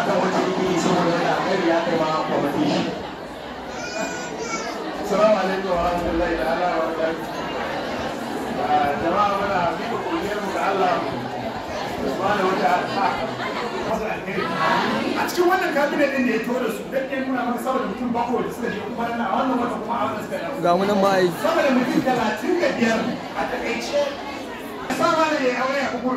a kan wata igiri saboda wani alkhairi ya kai ma mafi shi salamu alaikum wa rahmatullahi da ala wa jama'a muna miƙa kuliyar mu ga Allah subhanahu wa wata a cikin wannan kabinet din da ya tura su dan ɗan muna maka saboda mutum bako da suka je kuma na wannan wata kuma a wannan suka dawo ga munan ma'ai saboda mutum talatin da biyar a takaice sama ne ya aure a kukur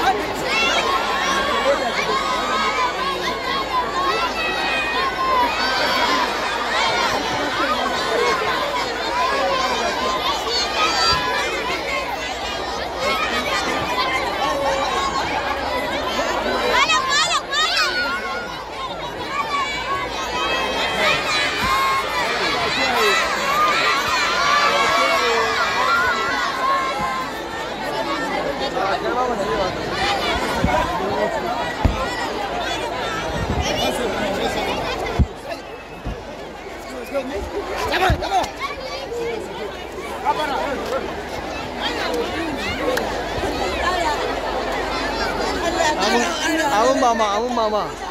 Hadi. 아무 마마 아무 마마